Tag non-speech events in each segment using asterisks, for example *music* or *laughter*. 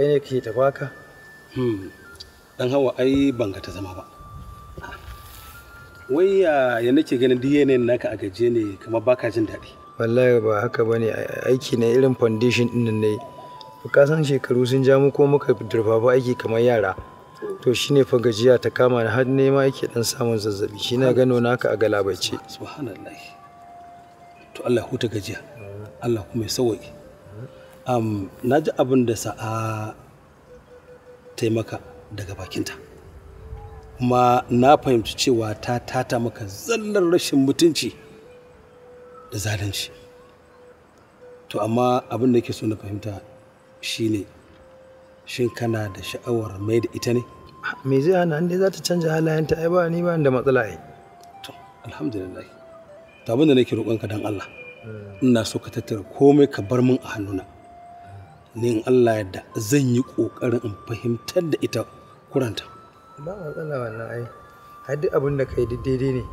kai ne ke tafi haka hmm, dan hawa ai ban ta zama ba wai ya nake ganin dna naka a gaje ne kamar baka jin daɗi wallahi ba haka ne aiki na irin foundation din ne ka san shekaru sun ja mu ko muka ba aiki kamar yara to shine fa gajiya ta kama ni har ma yake dan samun zazzabi shi na gano naka a galabace subhanallahi to Allah huta gajiya Allah kuma ya sauwaƙe um, na ji abin da sa'a taimaka daga bakinta kuma na fahimci cewa ta tata maka zallar rashin mutunci da zalunci to amma abin da ke so na fahimta shine shin kana da sha'awar mai da ita ne me zai hana ne za ta canja halayenta ai ba ni ba da matsala ai to alhamdulillah to abin da nake roƙonka dan Allah hmm. ina so ka tattara komai ka bar min a hannuna ni in Allah yadda zan yi ƙoƙarin in fahimtar da ita kuranta. Ba matsala wannan ai, har duk abin da kai duk daidai ne.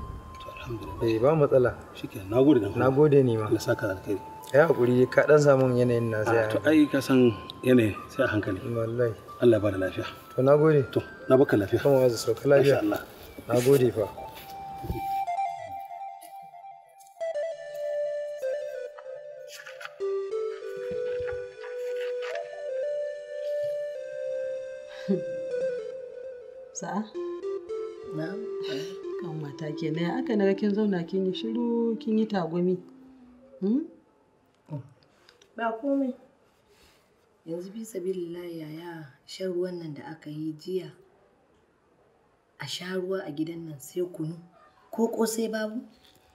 Alhamdulillah. Eh, ba matsala. Shike, na gode da Na gode ne ma. Allah saka alkhairi. Ai hakuri ka ɗan samu yanayin na sai. Ah, to ai ka san yanayin sai a hankali. Wallahi. Allah ba da lafiya. To na gode. To na baka lafiya. Kuma wazu sauka lafiya. Insha Allah. Na gode fa. *laughs* Sa'a? Na'am. Kan mata kenan aka naga kin zauna kin yi shiru kin yi tagumi. Hmm? Oh. Ba komai. Yanzu fi sabilillahi yaya shan ruwan nan da aka yi jiya a sha ruwa a gidan nan sai kunu ko kosai babu?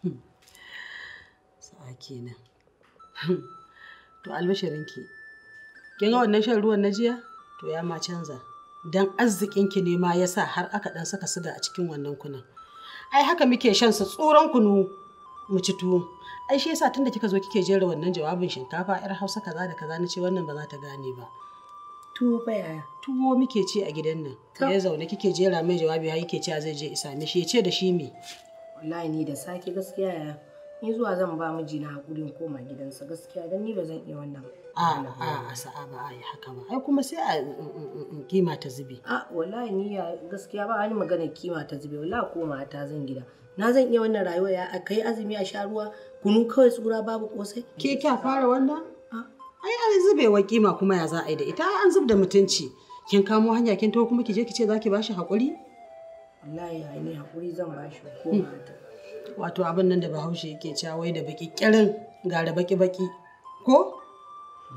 Hmm. Sa'a kenan. Hmm. To albashirinki. Kin ga wannan shan ruwan na jiya? To ya ma canza. don arzikinki ne ma ya sa har aka ɗan saka suga a cikin wannan kunan ai haka muke shan su tsoron kunu mu ci tuwo ai shi yasa tunda kika zo kike jera wannan jawabin shinkafa yar hausa kaza da kaza na wannan ba za ta gane ba tuwo ba yaya tuwo muke ci a gidan nan ya zaune kike jera mai jawabi har ci a zai je isa me shi ya ce da shi me wallahi ni da sake gaskiya yaya ni zuwa zan ba mijina hakurin koma gidansa gaskiya don ni ba zan iya wannan a a sa'a ba a yi haka ba ai kuma sai a mm, mm, mm, kima ta zube a wallahi ni ya gaskiya ba wani magana kima ta zube wallahi koma ta zan gida na zan iya wannan rayuwa ya kai azumi a sha ruwa kunu kawai tsura babu kosai ke kya fara wannan ai an zubewa kima kuma ya za a yi da ita an zub da mutunci kin kamo hanya kin to kuma ki je ki ce zaki bashi hakuri wallahi ai ni hakuri zan bashi hmm. ko ta. wato abin nan da bahaushe yake cewa wai da baki kirin gara baki baki ko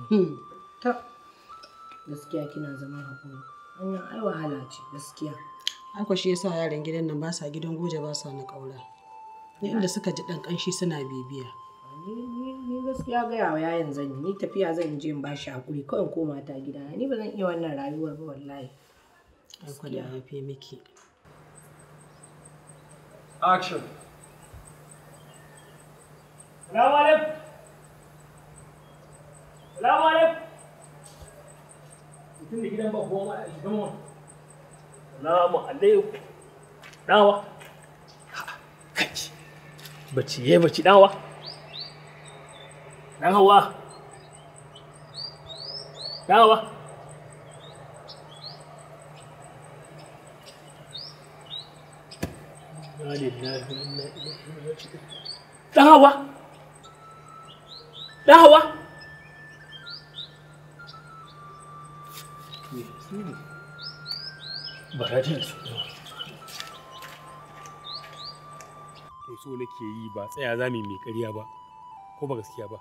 hmm. ta gaskiya kina zama hakuri wannan ai wahala ce gaskiya haka shi yasa yaran gidan nan ba sa gidan goje ba sa na kaura ne inda suka ji dan kanshi suna bibiya ni gaskiya gaya wa yayin zan yi ni tafiya zan je in bashi hakuri kawai koma ta gida ni ba zan iya wannan rayuwar ba wallahi akwai da miki action السلام عليكم السلام عليكم mutum gidan ba kowa ma a shiga mawa salamu alaikum dawa kaci baci ye baci dawa dan hawa dawa da hawa barajin su so nake yi ba tsaya za mu mai ƙarya ba ko ba gaskiya ba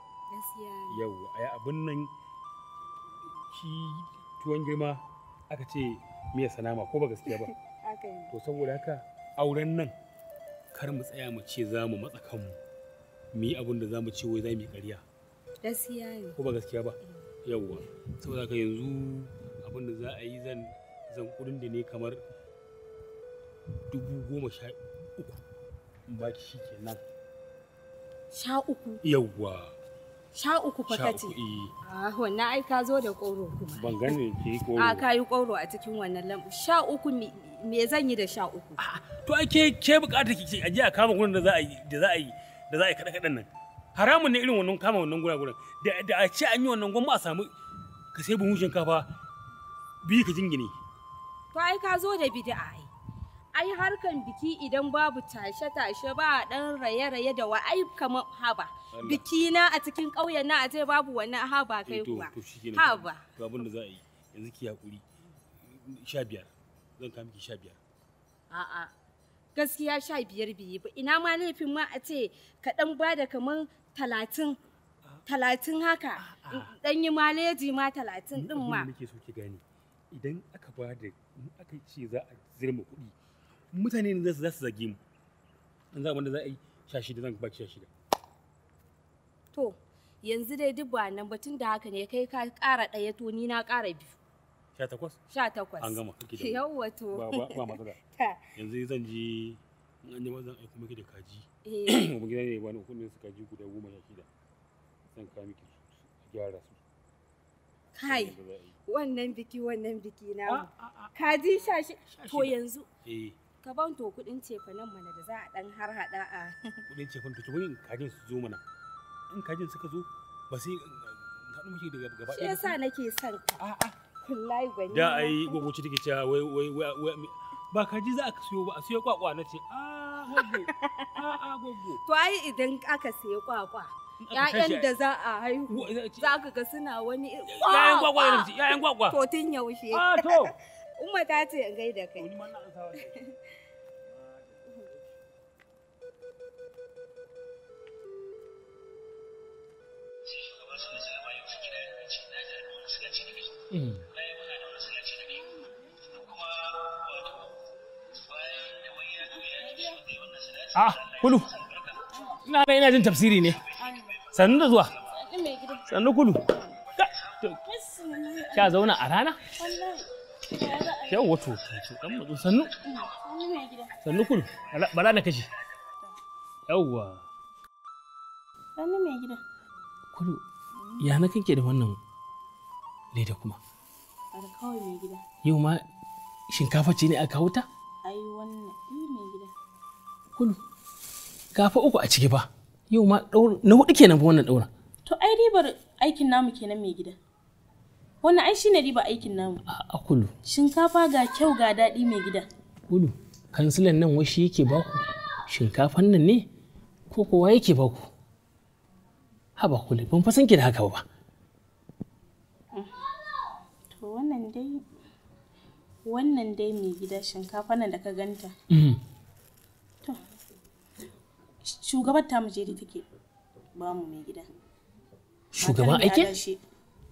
yau ai abin nan shi tuwon girma aka ce miya sanama ko ba gaskiya ba *laughs* to saboda haka auren nan kar mu tsaya mu ce za mu matsa kanmu mu yi abin da za mu ce wai za mu yi ƙarya gaskiya ne ko ba gaskiya ba eh. yawwa saboda ka yanzu abin da za a yi zan zan kudin da ne kamar dubu goma sha uku in baki shi nan sha uku yawwa sha uku fakati eh. ah wannan ai ka zo da koro kuma ban gane ki koro a ah, ka yi koro a cikin wannan lambu sha uku me zan yi da sha uku to ai ke ke bukata ki aje a kama kudin da za a yi da za a yi da za a yi kada kada nan haramun ne irin wannan kama wannan guraguran da a ce an yi wannan gwamma a samu ka sai buhun shinkafa biyu ka jingine to ai ka zo da bid'a ai ai harkan biki idan babu tashe-tashe ba dan raye-raye da wa ai kamar haba biki na a cikin ƙauyen na a ce babu wannan haba kai eh kuwa haba to abin da za a yi yanzu ki hakuri sha biyar zan kawo miki sha biyar a'a gaskiya sha biyar biyu ba ina ma laifin ma a ce ka dan ba da kamar talatin talatin haka dan yi maleji ma talatin din ma nake so ki gani idan aka ba da in aka ce za a zirma kuɗi mutane ne za su zage mu an za wanda za a yi sha shida zan ba baki sha shida to yanzu dai duk ba nan batun da haka ne kai ka ƙara ɗaya to ni na ƙara biyu sha takwas sha takwas an gama kake da yawwa to ba matsala *laughs* yanzu zan ji an yi zan aiko miki da kaji eh. *clears throat* kuma gida ne wani kudin su kaji guda goma sha shida zan kawo miki gyara su kai wannan biki wannan biki na kaji sha shi to yanzu eh. ka ban to kuɗin cefa nan mana da za a ɗan har haɗa a *laughs* Kuɗin cefa to kudin kajin su zo mana in kajin suka zo ba sai haɗu miki daga gaba ɗaya shi yasa nake son ka a'a wallahi gwani da ai gwagwaci take cewa wai wai wai ba za siyo ba a siyo kwakwa na ce a a to ai idan aka siyo kwakwa Ya'yan da za a haihu za ka ga suna wani Ya'yan kwakwa Ya'yan kwakwa to tun yaushe a to umma ta ce in gaida kai Mm. a ah, kulu ina ga ina jin tafsiri ne sannu da zuwa sannu kulu Ka zauna a rana yau wato dan matsu sannu sannu kulu Bala na kashe yauwa sannu mai gida kulu ya na kake da wannan leda kuma kawai mai gida yau ma shinkafa ce ne a kawo ta kulu gafa uku a ciki ba yau ma na hudu kenan ba wannan daura to ai ribar aikin namu kenan mai gida wannan ai shine riba aikin namu a kulu shinkafa ga kyau ga daɗi mai gida kulu kansilan nan washi yake baku shinkafan nan ne ko kowa yake baku haba kulu ban fasan ki da haka ba to wannan dai wannan dai mai gida shinkafa nan da ka ganta mhm. shugabar ta muje da take ba mu mai gida shugaban aiki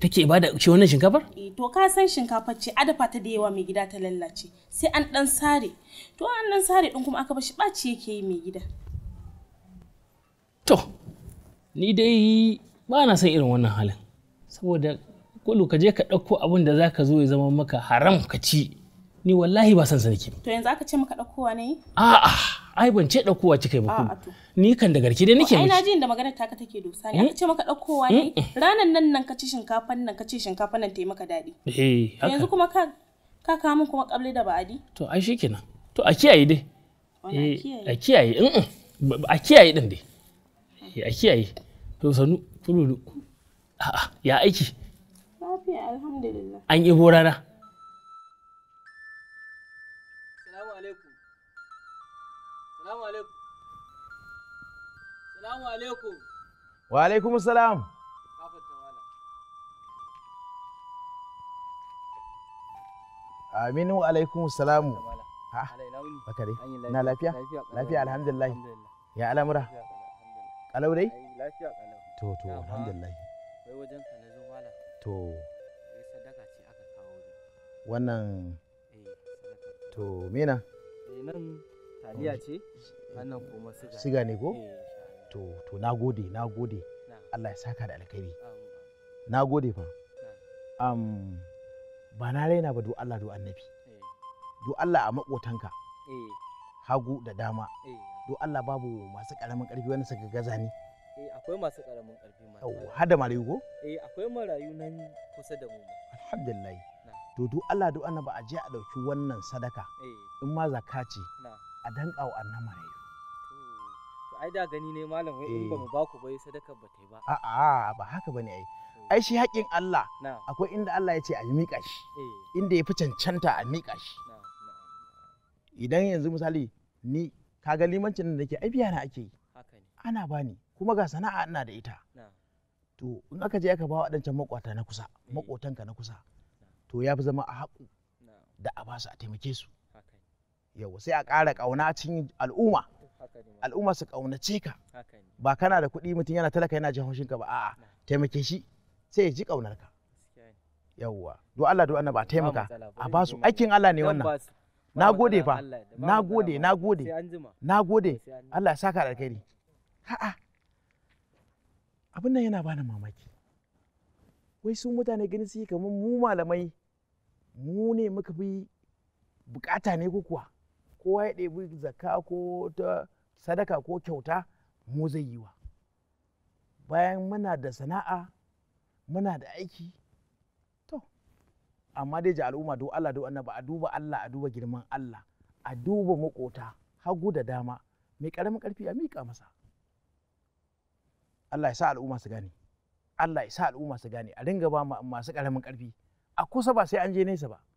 take ba da shi wannan shinkafar eh, to ka san shinkafar ce adafa ta da yawa mai gida ta lallace sai an dan sare to an dan sare din kuma aka bashi ɓaci yake yi mai gida to ni dai ba na san irin wannan halin saboda kulu ka je ka ɗauko abin da zaka zo ya zama maka haram ka ci ni wallahi ba san sa nake to yanzu aka ce maka wa ne a'a ai ban ce ɗaukowa kika yi ba ni kan da garki dai nake mishi. Ai na jin da maganar taka take dosa ne. Hmm? Aka ce maka ɗaukowa ne. Hmm? Hmm? Ranan nan nan ka ci shinkafan nan ka ci shinkafan nan ta yi maka daɗi. Eh Yanzu kuma ka ka kawo min kuma kable da ba'adi. To ai shikenan. To a kiyaye dai. Eh, a kiyaye. in A kiyaye din dai. Eh, a kiyaye. To sanu fululu. A'a ya aiki. Lafiya alhamdulillah. An yi rana Salamu alaikum. Wa alaikum salam. Aminu alaikum salamu. Ha? Baka dai. Na lafiya? Lafiya alhamdulillah. Ya al'amura? Kalau dai? Lafiya kalau. To to alhamdulillah. Wai wajen ka na zo mala. To. sadaka ce aka kawo ni. Wannan eh, To mena? Eh, nan taliya ce. Wannan kuma siga. Siga ne ko? Eh. to to na gode na gode Allah ya saka da alkhairi na gode fa um, ba na raina ba do Allah do annabi eh. do Allah a makotanka eh. hagu da dama eh. do Allah babu masu karamin karfi wani saka gaza ni eh akwai masu karamin karfi ma yau da marayu go eh akwai marayu nan kusa da mu alhamdulillah to do Allah do annabi a je a dauki wannan sadaka in ma zakaci a danka wa annabi marayu ai da gani ne malam wai in ba eh. ba ku bai sadaka ba ta yi ba a'a ba haka bane ai ai shi haƙin Allah akwai inda Allah ya ce a miƙa shi eh. inda ya fi cancanta a miƙa shi idan yanzu misali ni kaga limancin da nake ai biya na ake yi ana bani kuma ga sana'a ina da ita to in aka je aka ba waɗancan makwata na kusa eh. makotanka na kusa to ya fi zama a haƙu da a basu a taimake su yau sai a ƙara ƙauna cikin al'umma al'umma su kaunace ka ba kana da kuɗi mutum yana talaka yana jin haushinka ba a'a taimake shi sai ya ji kaunar ka yawwa do Allah do annaba taimaka a ba su aikin Allah ne wannan na gode fa na gode na gode na gode Allah ya saka da alkhairi a'a abin nan yana bani mamaki wai su mutane gani su yi kamar mu malamai mu ne muka fi bukata ne ko kuwa kowa ya ɗebi zakka ko ta sadaka ko kyauta mu zai yi wa bayan muna da sana'a muna da aiki to amma dai ji al'umma do Allah do annaba a duba Allah a duba girman Allah a duba makota hagu da dama mai karamin karfi a miƙa masa Allah ya sa al'umma su gane Allah ya sa al'umma su gane a ringa ba masu karamin karfi a kusa ba sai an je nesa ba